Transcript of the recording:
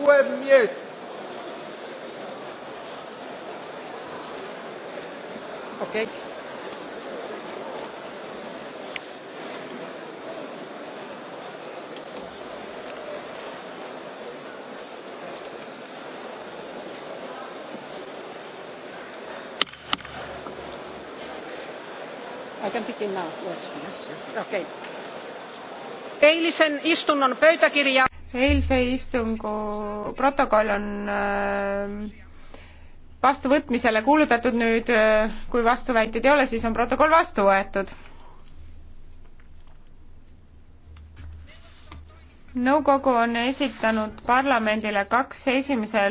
puhemies. Okei. Okay. eilisen istunnon pöytäkirja eilse istungu protokoll on äh, vastuvõtmisele kuulutatud nüüd, äh, kui vastuväiteid ei ole, siis on protokoll vastu võetud. nõukogu on esitanud parlamendile kaks esimese